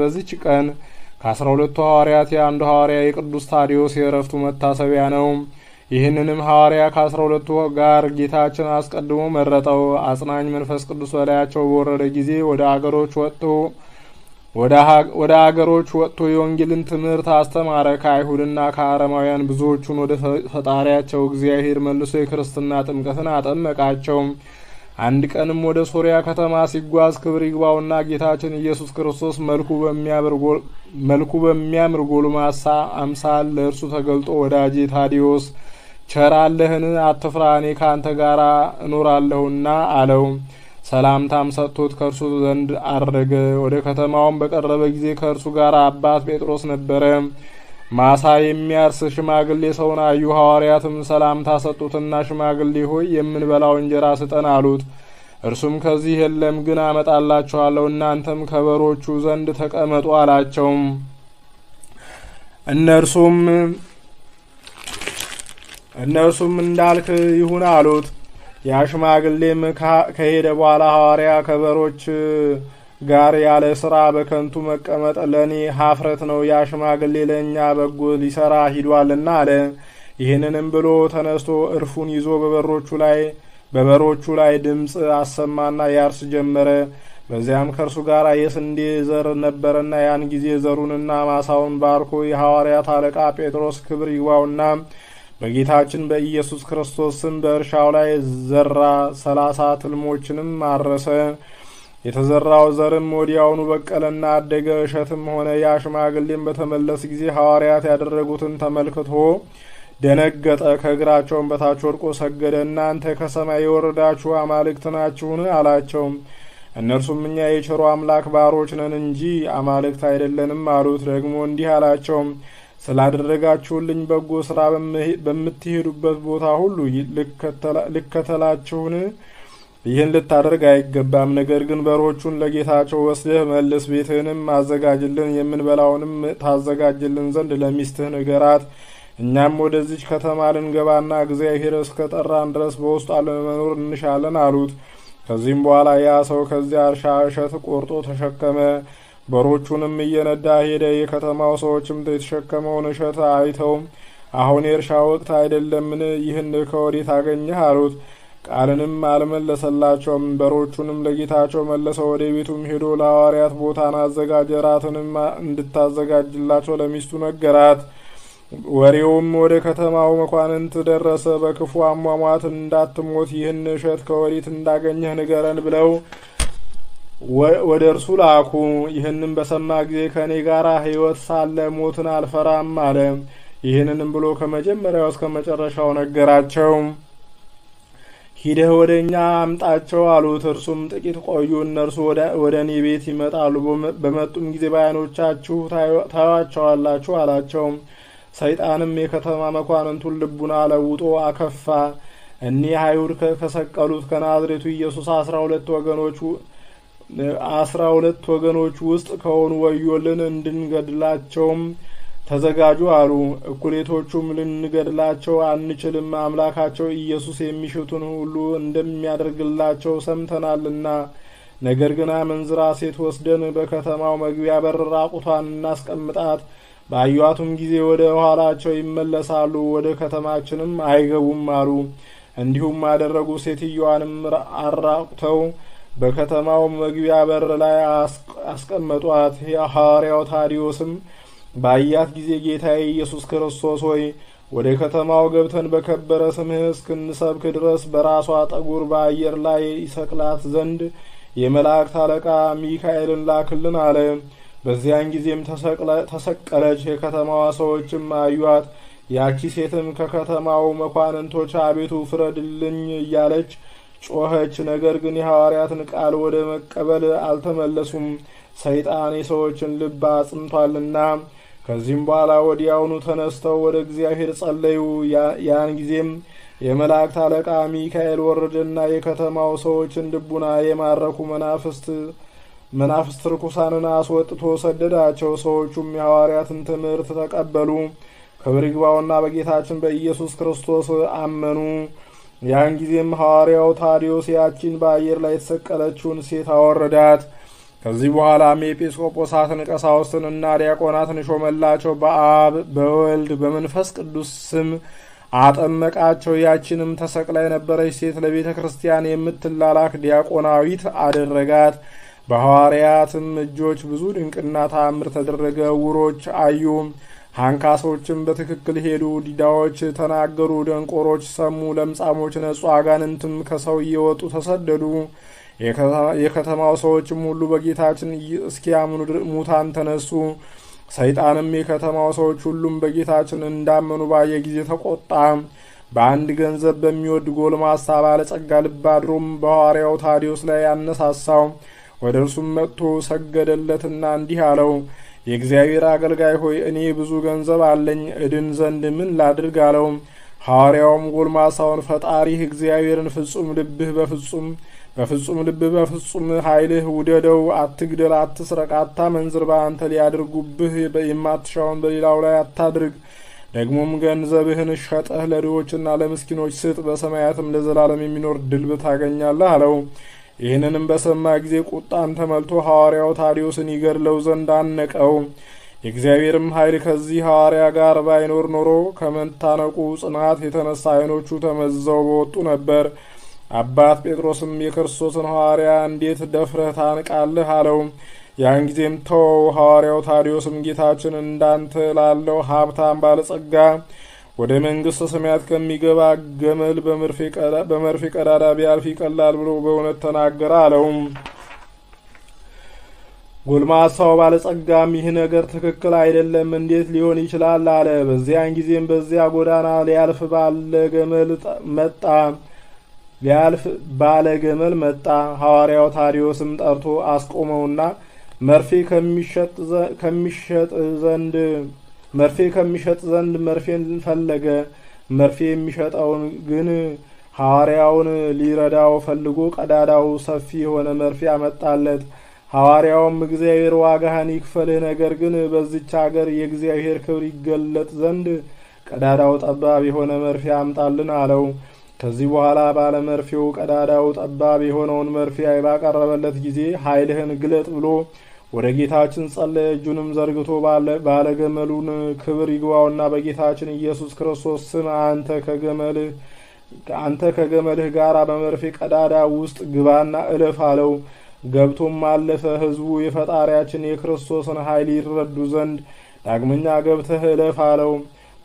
በዚች ቀን ከአስራ ሁለቱ ሐዋርያት የአንዱ ሐዋርያ የቅዱስ ታዲዮስ የእረፍቱ መታሰቢያ ነው። ይህንንም ሐዋርያ ከአስራ ሁለቱ ጋር ጌታችን አስቀድሞ መረጠው። አጽናኝ መንፈስ ቅዱስ በላያቸው በወረደ ጊዜ ወደ አገሮች ወጥቶ ወደ አገሮች ወጥቶ የወንጌልን ትምህርት አስተማረ። ከአይሁድና ከአረማውያን ብዙዎቹን ወደ ፈጣሪያቸው እግዚአብሔር መልሶ የክርስትና ጥምቀትን አጠመቃቸው። አንድ ቀንም ወደ ሶሪያ ከተማ ሲጓዝ ክብር ይግባውና ጌታችን ኢየሱስ ክርስቶስ መልኩ በሚያምር ጎልማሳ አምሳል ለእርሱ ተገልጦ ወዳጄ ታዲዮስ ቸራለህን? አትፍራ፣ እኔ ከአንተ ጋር እኖራለሁና አለው። ሰላምታም ሰጥቶት ከእርሱ ዘንድ አረገ። ወደ ከተማውም በቀረበ ጊዜ ከእርሱ ጋር አባት ጴጥሮስ ነበረ። ማሳ የሚያርስ ሽማግሌ ሰውን አዩ። ሐዋርያትም ሰላምታ ሰጡትና ሽማግሌ ሆይ የምንበላው እንጀራ ስጠን አሉት። እርሱም ከዚህ የለም፣ ግን አመጣላችኋለሁ፣ እናንተም ከበሮቹ ዘንድ ተቀመጡ አላቸው። እነርሱም እነርሱም እንዳልክ ይሁን አሉት። ያ ሽማግሌም ከሄደ በኋላ ሐዋርያ ከበሮች ጋር ያለ ስራ በከንቱ መቀመጥ ለእኔ ሀፍረት ነው። ያ ሽማግሌ ለእኛ በጎ ሊሰራ ሂዷልና አለ። ይህንንም ብሎ ተነስቶ እርፉን ይዞ በበሮቹ ላይ በበሮቹ ላይ ድምፅ አሰማና ያርስ ጀመረ። በዚያም ከእርሱ ጋር የስንዴ ዘር ነበረና ያን ጊዜ ዘሩንና ማሳውን ባርኮ የሐዋርያት አለቃ ጴጥሮስ ክብር ይግባውና በጌታችን በኢየሱስ ክርስቶስ ስም በእርሻው ላይ ዘራ። ሰላሳ ትልሞችንም አረሰ። የተዘራው ዘርም ወዲያውኑ በቀለና አደገ። እሸትም ሆነ ያ ሽማግሌም በተመለስ ጊዜ ሐዋርያት ያደረጉትን ተመልክቶ ደነገጠ። ከእግራቸውም በታች ወድቆ ሰገደ። እናንተ ከሰማይ የወረዳችሁ አማልክት ናችሁን? አላቸውም። እነርሱም እኛ የቸሮ አምላክ ባሮች ነን እንጂ አማልክት አይደለንም አሉት። ደግሞ እንዲህ አላቸውም፣ ስላደረጋችሁልኝ በጎ ስራ በምትሄዱበት ቦታ ሁሉ ልከተላችሁን? ይህን ልታደርግ አይገባም። ነገር ግን በሮቹን ለጌታቸው ወስደህ መልስ፣ ቤትህንም አዘጋጅልን፣ የምንበላውንም ታዘጋጅልን ዘንድ ለሚስትህ ንገራት። እኛም ወደዚች ከተማ ልንገባና እግዚአብሔር እስከ ጠራን ድረስ በውስጥ አለመኖር እንሻለን አሉት። ከዚህም በኋላ ያ ሰው ከዚያ እርሻ እሸት ቆርጦ ተሸከመ። በሮቹንም እየነዳ ሄደ። የከተማው ሰዎችም የተሸከመውን እሸት አይተውም፣ አሁን የእርሻ ወቅት አይደለምን? ይህን ከወዴት አገኘህ? አሉት። ቃልንም አልመለሰላቸውም። በሮቹንም ለጌታቸው መለሰው። ወደ ቤቱም ሄዶ ለሐዋርያት ቦታን አዘጋጀ። ራትንም እንድታዘጋጅላቸው ለሚስቱ ነገራት። ወሬውም ወደ ከተማው መኳንንት ደረሰ። በክፉ አሟሟት እንዳትሞት ይህን እሸት ከወዴት እንዳገኘህ ንገረን ብለው ወደ እርሱ ላኩ። ይህንም በሰማ ጊዜ ከእኔ ጋር ሕይወት ሳለ ሞትን አልፈራም አለ። ይህንንም ብሎ ከመጀመሪያው እስከ መጨረሻው ነገራቸው። ሂደህ ወደ እኛ አምጣቸው አሉት። እርሱም ጥቂት ቆዩ፣ እነርሱ ወደ እኔ ቤት ይመጣሉ፣ በመጡም ጊዜ በዓይኖቻችሁ ታዩአቸዋላችሁ አላቸው። ሰይጣንም የከተማ መኳንንቱን ልቡና ለውጦ አከፋ። እኒህ አይሁድ ከሰቀሉት ከናዝሬቱ ኢየሱስ አስራ ሁለት ወገኖቹ አስራ ሁለት ወገኖች ውስጥ ከሆኑ ወዮልን እንድንገድላቸውም ተዘጋጁ አሉ። እኩሌቶቹም ልንገድላቸው አንችልም፣ አምላካቸው ኢየሱስ የሚሽቱን ሁሉ እንደሚያደርግላቸው ሰምተናልና። ነገር ግን አመንዝራ ሴት ወስደን በከተማው መግቢያ በር ራቁቷን እናስቀምጣት። ባዩአቱም ጊዜ ወደ ኋላቸው ይመለሳሉ፣ ወደ ከተማችንም አይገቡም አሉ። እንዲሁም አደረጉ። ሴትዮዋንም አራቁተው በከተማው መግቢያ በር ላይ አስቀመጧት። የሐዋርያው ታዲዮስም ባያት ጊዜ ጌታዬ ኢየሱስ ክርስቶስ ሆይ ወደ ከተማው ገብተን በከበረ ስምህ እስክንሰብክ ድረስ በራሷ ጠጉር በአየር ላይ ይሰቅላት ዘንድ የመላእክት አለቃ ሚካኤልን ላክልን አለ። በዚያን ጊዜም ተሰቀለች። የከተማዋ ሰዎችም አዩት ያቺ ሴትም ከከተማው መኳንንቶች አቤቱ ፍረድልኝ እያለች ጮኸች። ነገር ግን የሐዋርያትን ቃል ወደ መቀበል አልተመለሱም። ሰይጣን የሰዎችን ልብ አጽንቷልና። ከዚህም በኋላ ወዲያውኑ ተነስተው ወደ እግዚአብሔር ጸለዩ። ያን ጊዜም የመላእክት አለቃ ሚካኤል ወረደና የከተማው ሰዎችን ልቡና የማረኩ መናፍስት መናፍስት ርኩሳንን አስወጥቶ ሰደዳቸው። ሰዎቹም የሐዋርያትን ትምህርት ተቀበሉ። ክብር ይግባውና በጌታችን በኢየሱስ ክርስቶስ አመኑ። ያን ጊዜም ሐዋርያው ታዲዮስ ያቺን በአየር ላይ የተሰቀለችውን ሴት አወረዳት። ከዚህ በኋላም ኤጲስቆጶሳትን እና ዲያቆናትን ሾመላቸው። በአብ በወልድ በመንፈስ ቅዱስ ስም አጠመቃቸው። ያችንም ተሰቅላ የነበረች ሴት ለቤተ ክርስቲያን የምትላላክ ዲያቆናዊት አደረጋት። በሐዋርያትም እጆች ብዙ ድንቅና ተአምር ተደረገ። ዕውሮች አዩ፣ አንካሶችም በትክክል ሄዱ፣ ዲዳዎች ተናገሩ፣ ደንቆሮች ሰሙ፣ ለምጻሞች ነጹ፣ አጋንንትም ከሰው እየወጡ ተሰደዱ። የከተማው ሰዎችም ሁሉ በጌታችን እስኪያምኑ ሙታን ተነሱ። ሰይጣንም የከተማው ሰዎች ሁሉም በጌታችን እንዳመኑ ባየ ጊዜ ተቆጣ። በአንድ ገንዘብ በሚወድ ጎልማሳ ባለጸጋ ልብ አድሮም በሐዋርያው ታዲዮስ ላይ ያነሳሳው። ወደ እርሱም መጥቶ ሰገደለትና እንዲህ አለው፣ የእግዚአብሔር አገልጋይ ሆይ እኔ ብዙ ገንዘብ አለኝ፣ እድን ዘንድ ምን ላድርግ አለው። ሐዋርያውም ጎልማሳውን ፈጣሪህ እግዚአብሔርን ፍጹም ልብህ በፍጹም በፍጹም ልብ በፍጹም ኃይልህ ውደደው። አትግደል፣ አትስረቅ፣ አታመንዝር። በአንተ ሊያድርጉብህ የማትሻውን በሌላው ላይ አታድርግ። ደግሞም ገንዘብህን ሸጠህ ለድሆችና ለምስኪኖች ስጥ፣ በሰማያትም ለዘላለም የሚኖር ድልብ ታገኛለህ አለው። ይህንንም በሰማ ጊዜ ቁጣን ተመልቶ ሐዋርያው ታዲዮስን ይገድለው ዘንድ አነቀው። የእግዚአብሔርም ኃይል ከዚህ ሐዋርያ ጋር ባይኖር ኖሮ ከመታነቁ ጽናት የተነሳ ዓይኖቹ ተመዘው በወጡ ነበር። አባት ጴጥሮስም የክርስቶስን ሐዋርያ እንዴት ደፍረህ ታንቃለህ? አለው። ያን ጊዜም ተወው። ሐዋርያው ታዲዮስም ጌታችን እንዳንተ ላለው ሀብታም ባለጸጋ ወደ መንግሥተ ሰማያት ከሚገባ ገመል በመርፌ ቀዳዳ ቢያልፍ ይቀላል ብሎ በእውነት ተናገረ አለው። ጎልማሳው ባለጸጋም ይህ ነገር ትክክል አይደለም፣ እንዴት ሊሆን ይችላል? አለ። በዚያን ጊዜም በዚያ ጎዳና ሊያልፍ ባለ ገመል መጣ። ሊያልፍ ባለ ገመል መጣ። ሐዋርያው ታዲዮስም ጠርቶ አስቆመውና መርፌ ከሚሸጥ ዘንድ መርፌ ከሚሸጥ ዘንድ መርፌን ፈለገ። መርፌ የሚሸጠውን ግን ሐዋርያውን ሊረዳው ፈልጎ ቀዳዳው ሰፊ የሆነ መርፌ አመጣለት። ሐዋርያውም እግዚአብሔር ዋጋህን ይክፈልህ፣ ነገር ግን በዚች አገር የእግዚአብሔር ክብር ይገለጥ ዘንድ ቀዳዳው ጠባብ የሆነ መርፌ አምጣልን አለው። ከዚህ በኋላ ባለ መርፌው ቀዳዳው ጠባብ የሆነውን መርፌ ባቀረበለት ጊዜ ኃይልህን ግለጥ ብሎ ወደ ጌታችን ጸለየ። እጁንም ዘርግቶ ባለገመሉን ክብር ይግባውና በጌታችን ኢየሱስ ክርስቶስ ስም አንተ ከገመልህ አንተ ከገመልህ ጋር በመርፌ ቀዳዳ ውስጥ ግባና እለፍ አለው። ገብቶም አለፈ። ህዝቡ የፈጣሪያችን የክርስቶስን ኃይል ይረዱ ዘንድ ዳግመኛ ገብተህ እለፍ አለው።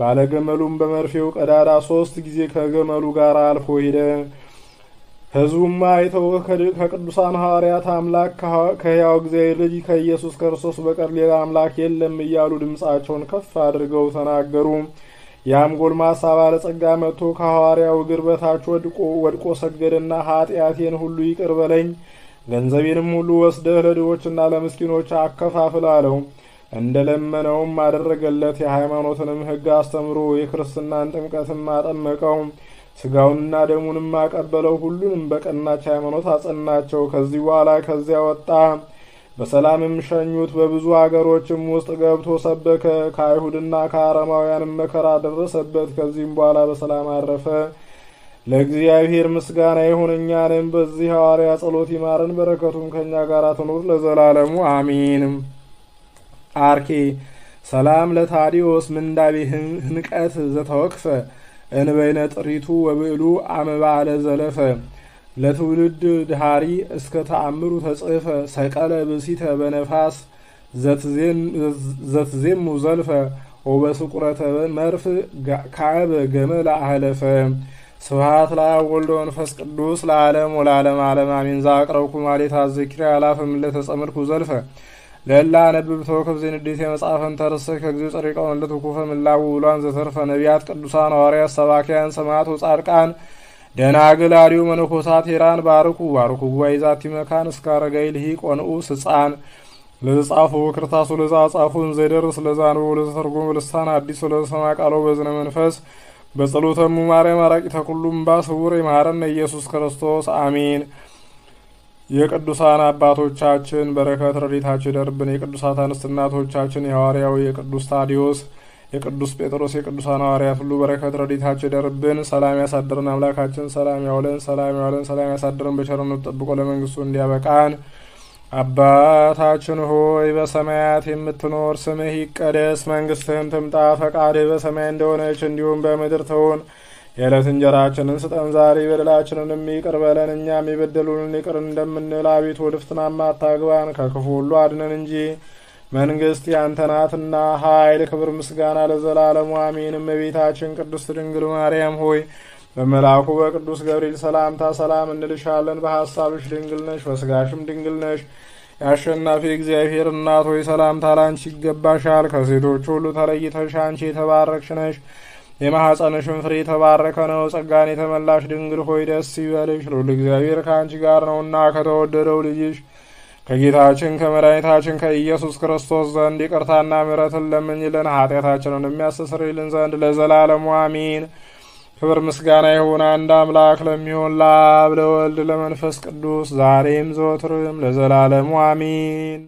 ባለገመሉም በመርፌው ቀዳዳ ሶስት ጊዜ ከገመሉ ጋር አልፎ ሄደ። ሕዝቡማ አይተው ከቅዱሳን ሐዋርያት አምላክ ከሕያው እግዚአብሔር ልጅ ከኢየሱስ ክርስቶስ በቀር ሌላ አምላክ የለም እያሉ ድምፃቸውን ከፍ አድርገው ተናገሩ። ያም ጎልማሳ ባለጸጋ መጥቶ ከሐዋርያው እግር በታች ወድቆ ሰገደና ኃጢአቴን ሁሉ ይቅር በለኝ፣ ገንዘቤንም ሁሉ ወስደህ ለድሆችና ለምስኪኖች አከፋፍል አለው። እንደ ለመነውም አደረገለት። የሃይማኖትንም ሕግ አስተምሮ የክርስትናን ጥምቀትም አጠመቀው። ስጋውንና ደሙንም አቀበለው። ሁሉንም በቀናች ሃይማኖት አጸናቸው። ከዚህ በኋላ ከዚያ ወጣ፣ በሰላምም ሸኙት። በብዙ አገሮችም ውስጥ ገብቶ ሰበከ። ከአይሁድና ከአረማውያንም መከራ ደረሰበት። ከዚህም በኋላ በሰላም አረፈ። ለእግዚአብሔር ምስጋና ይሁን፣ እኛንም በዚህ ሐዋርያ ጸሎት ይማረን፣ በረከቱም ከእኛ ጋር ትኑር ለዘላለሙ አሚን። አርኬ ሰላም ለታዲዮስ ምንዳቤ ህንቀት ዘተወክፈ እንበይነ ጥሪቱ ወብዕሉ አመባ ዘለፈ ለትውልድ ድሃሪ እስከ ተአምሩ ተጽፈ ሰቀለ ብሲተ በነፋስ ዘትዜሙ ዘልፈ ወበስቁረተ መርፍ ካዕበ ገመ አህለፈ ስብሃት ለአብ ወልዶ ወመንፈስ ቅዱስ ለዓለም ወለዓለም ዓለም አሚን ዛቅረብኩ ማሌታ ዘኪርያ አላፈ ምለተጸምርኩ ዘልፈ ለላ ነብብቶ ከብዘ ንዴት የመጽሐፈን ተርሰ ከጊዜ ጸሪቀው መለት ኩፈ ምላው ውሏን ዘተርፈ ነቢያት፣ ቅዱሳን ሐዋርያት፣ ሰባኪያን፣ ሰማዕቱ፣ ጻድቃን፣ ደናግል፣ አርዩ መነኮሳት ሄራን ባርኩ ባርኩ ይዛቲ መካን እስከ አረጋይ ልሂቅ ወንኡ ስጻን ለዘጻፉ ክርታሱ ለዛ ጻፉን ዘይደርስ ለዛንቦ ለዘተርጎም በልሳን አዲስ ለዘሰማ ቃሎ በዝነ መንፈስ በጸሎተሙ ማርያም አራቂ ተኩሉም ባስውር የማረነ ኢየሱስ ክርስቶስ አሜን። የቅዱሳን አባቶቻችን በረከት ረድኤታቸው ይደርብን። የቅዱሳት አንስት እናቶቻችን የሐዋርያው የቅዱስ ታዲዮስ የቅዱስ ጴጥሮስ የቅዱሳን ሐዋርያት ሁሉ በረከት ረድኤታቸው ይደርብን። ሰላም ያሳድርን አምላካችን፣ ሰላም ያውለን፣ ሰላም ያውለን፣ ሰላም ያሳድርን፣ በቸርነቱ ጠብቆ ለመንግስቱ እንዲያበቃን አባታችን ሆይ በሰማያት የምትኖር ስምህ ይቀደስ፣ መንግስትህን ትምጣ፣ ፈቃድህ በሰማይ እንደሆነች እንዲሁም በምድር ትሁን የዕለት እንጀራችንን ስጠን ዛሬ፣ በደላችንን ይቅር በለን እኛም የበደሉንን ይቅር እንደምንል። አቤቱ ወደ አታግባን ከክፉ ሁሉ አድነን እንጂ መንግስት ያንተ ናትና፣ ኃይል፣ ክብር፣ ምስጋና ለዘላለሙ አሜን። እመቤታችን ቅድስት ድንግል ማርያም ሆይ በመልአኩ በቅዱስ ገብርኤል ሰላምታ ሰላም እንልሻለን። በሐሳብሽ ድንግል ነሽ፣ በስጋሽም ድንግል ነሽ። የአሸናፊ እግዚአብሔር እናት ሆይ ሰላምታ ላንቺ ይገባሻል። ከሴቶች ሁሉ ተለይተሽ አንቺ የተባረክሽ ነሽ። የማኅፀንሽም ፍሬ የተባረከ ነው። ጸጋን የተመላሽ ድንግል ሆይ ደስ ይበልሽ፣ ልዑል እግዚአብሔር ከአንቺ ጋር ነውና ከተወደደው ልጅሽ ከጌታችን ከመድኃኒታችን ከኢየሱስ ክርስቶስ ዘንድ ይቅርታና ምሕረትን ለምኝልን ኃጢአታችንን የሚያስተሰርይልን ዘንድ ለዘላለሙ አሚን። ክብር ምስጋና ይሁን አንድ አምላክ ለሚሆን ለአብ ለወልድ ለመንፈስ ቅዱስ ዛሬም ዘወትርም ለዘላለሙ አሚን።